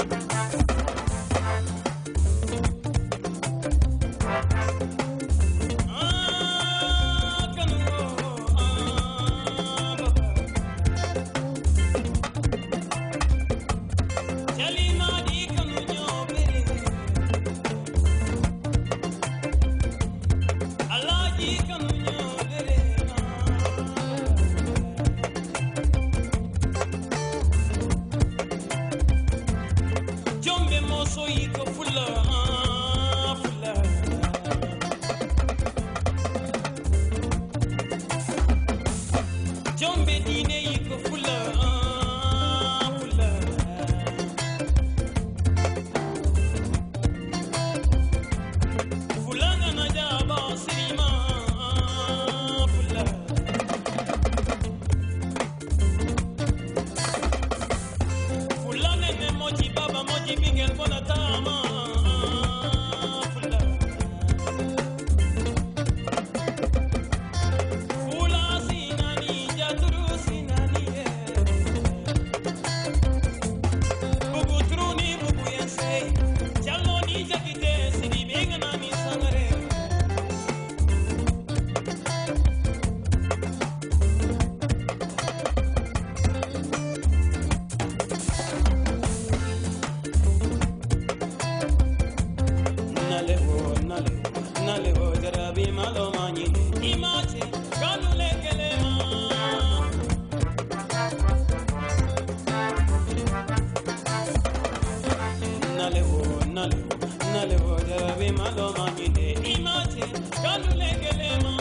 Thank you. so you can pull her, huh? nalewo oh, nalewo nalewo oh, jarabi malo mangide imate kandule kelemo.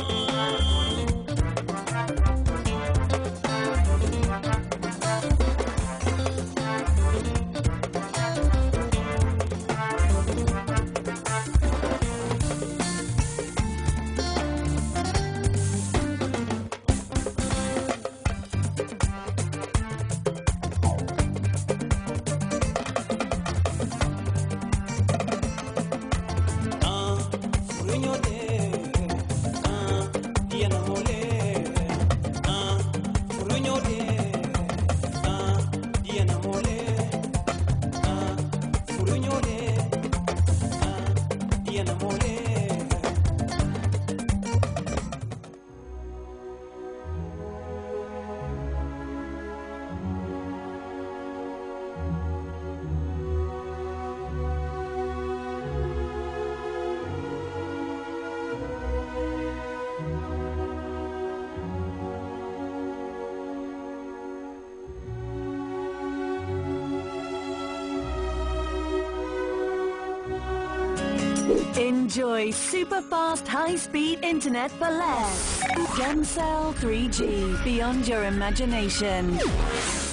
Enjoy super fast high-speed internet for less. Gemcell 3G, beyond your imagination.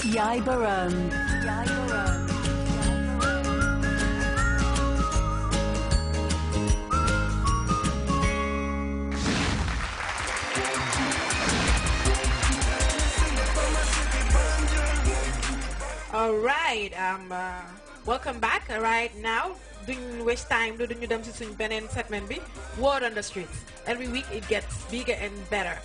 Yai Baron. Yai All right, um, uh, welcome back. All right, now du waste time du duñu dem si suñ beneen segment bi word on the streets every week it gets bigger and better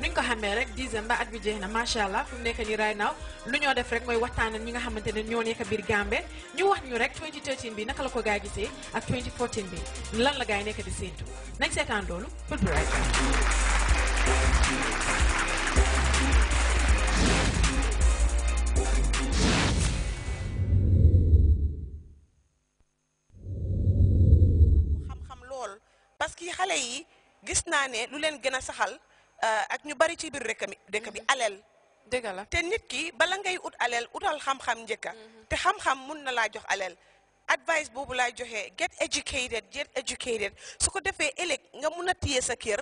nuñ ko xamee rek dixième ba at bi jeex na macha allah fu mu nekk nii right now lu ñoo def rek mooy waxtaan ak ñi nga xamante ne ñoo nekk biir Gambie ñu wax ñu rek 2013 bi naka la ko gaa gisee ak 2014 bi lan la gaa yi nekk di séentu nañ seetaan loolu pël bu xale gis naa ne lu leen gën a saxal euh, ak ñu bari ci biir rekk mi dëkk bi aleel. dëgg la te nit ki bala ngay ut aleel utal xam-xam njëkka mm-hmm. te xam-xam mun na laa jox aleel. advice boobu laay joxe get educated get educated su ko defee ëllëg nga mun a tiye sa kër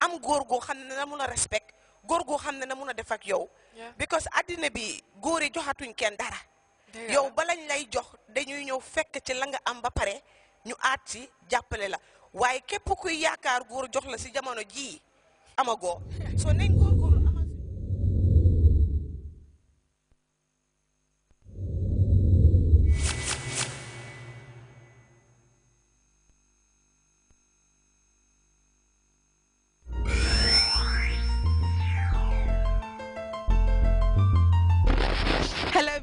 am góor goo xam ne na mun a respect góor goo xam ne na mun a def ak yow. because addina bi góor yi joxatuñ kenn dara. yow balañ lay jox dañuy ñëw fekk ci la nga am ba pare ñu aat ci jàppale la. waaye képp kuy yaakaar nguur jox la si jamono jii amagoo so nañ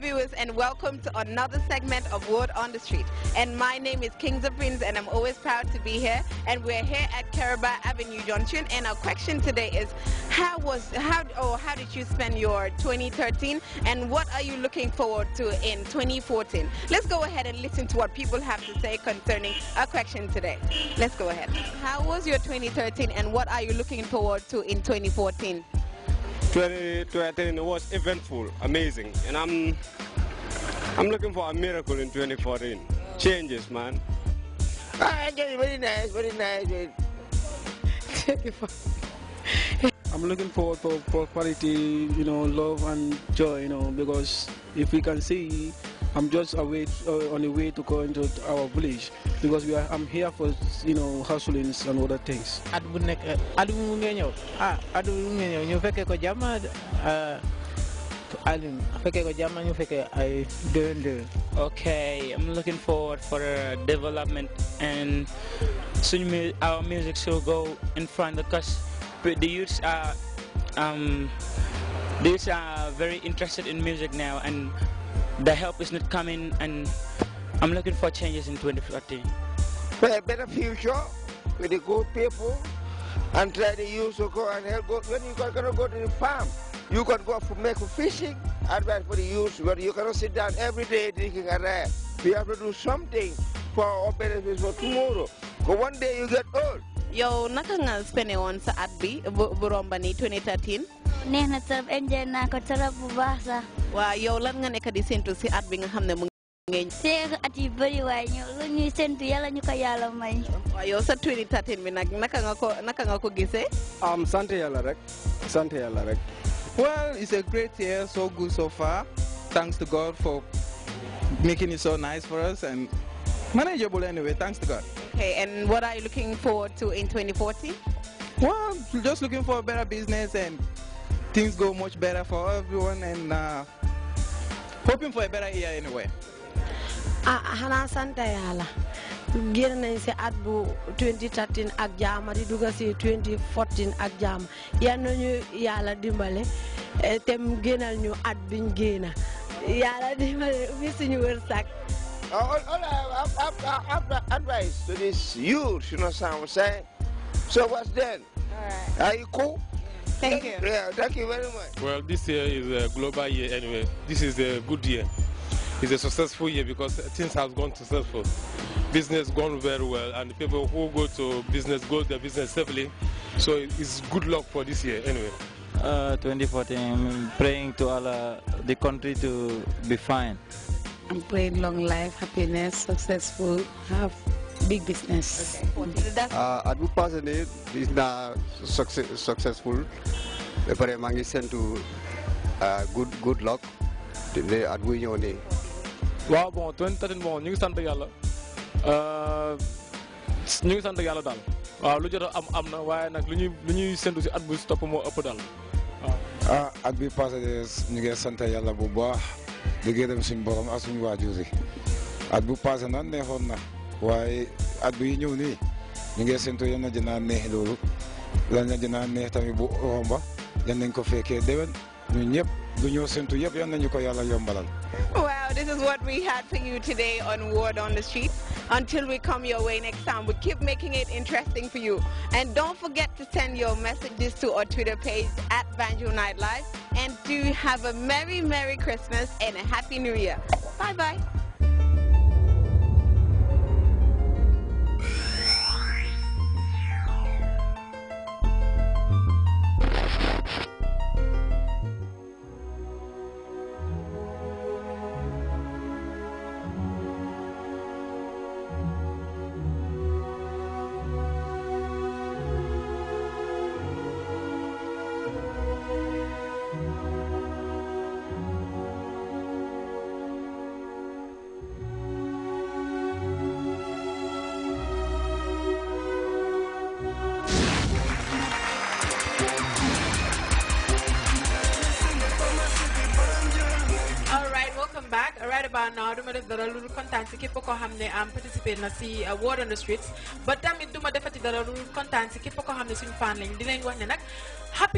viewers and welcome to another segment of Word on the Street. And my name is Kings of Prince and I'm always proud to be here. And we're here at Caraba Avenue Junction and our question today is how was how or oh, how did you spend your 2013 and what are you looking forward to in 2014? Let's go ahead and listen to what people have to say concerning our question today. Let's go ahead. How was your 2013 and what are you looking forward to in 2014? 2013 was eventful, amazing, and I'm I'm looking for a miracle in 2014. Changes, man. Ah, very nice, very nice. I'm looking forward for prosperity, you know, love and joy, you know, because if we can see I'm just away uh, on the way to go into our village because we are. I'm here for you know hustlings and other things. Uh, ah uh, Okay, I'm looking forward for uh, development and soon our music will go in front because the youths are um, these are very interested in music now and the help is not coming and I'm looking for changes in 2014. For a better future with the good people and try to use to go and help. Go, when you are going to go to the farm, you can go for make fishing, advice for the youth, but you cannot sit down every day drinking a rare. We have to do something for our benefits for tomorrow. Because one day you get old. Yo, naka nga spene on at b Burombani 2013 neex na enjoy naa ko trop bu baax sax. waaw yow lan nga nekk di séntu si at bi nga xam ne mu ngi. seeg at yu bëri waaye ñu lu ñuy séntu yàlla ñu ko yàlla may. waaw yow sa 2013 bi nag naka nga ko naka nga ko gisee. am um, sant yàlla rek sant yàlla rek. well it's a great year so good so far thanks to God for making it so nice for us and manageable anyway thanks to God. okay and what are you looking forward to in 2014. well just looking for a better business and things go much better for everyone and uh, hoping for a better year anyway. xanaa ah, ah, Santa yala. génn nañ si at 2013 agjam jaama di dugg 2014 agjam. jaama yal nañu yàlla dimbale eh, te mu génnal ñu at biñ génn yàlla dimbale Missing suñu wërsëg. Ah, all all uh, advice to this youth you know what I'm saying so what's then. are you cool. Thank you. Yeah, thank you very much. Well, this year is a global year anyway. This is a good year. It's a successful year because things have gone successful. Business gone very well, and people who go to business go their business safely. So it's good luck for this year anyway. Uh, 2014, praying to Allah, the country to be fine. I'm praying long life, happiness, successful, have big business. at bu passé nii gis naa successful ba pare maa ngi séntu ah, good good luck te at buy ñëw nii. waaw bon 2013 bon ñu ngi sant yàlla ah, ñu ngi sant yàlla daal waaw lu jot am am na waaye nag lu ñuy lu ñuy séntu si at bu topp moo ëpp daal waaw. ah at bi passé ñu ngi sant yàlla bu baax di gërëm suñu borom ak suñu waajur yi at bu passé na neexoon na. waaye at ñëw nii ñu ngi séntu dinaa neex loolu lan dinaa neex tamit bu romba yan nañ ko fekkee déwén ñun ñëpp lu ñoo séntu yëpp yan nañu ko yàlla yombalal. Wow, this is what we had for you today on Word on the Street. Until we come your way next time, we keep making it interesting for you. And don't forget to send your messages to our Twitter page at Banjo Nightlife. And do have a Merry, Merry Christmas and a Happy New Year. Bye-bye. naa duma def dara lu kontaan si képp koo xam ne am participate na si uh, Word on the Streets ba tamit duma defati dara lu kontaan si képp koo xam ne suñu fan lañ di leen wax ne nag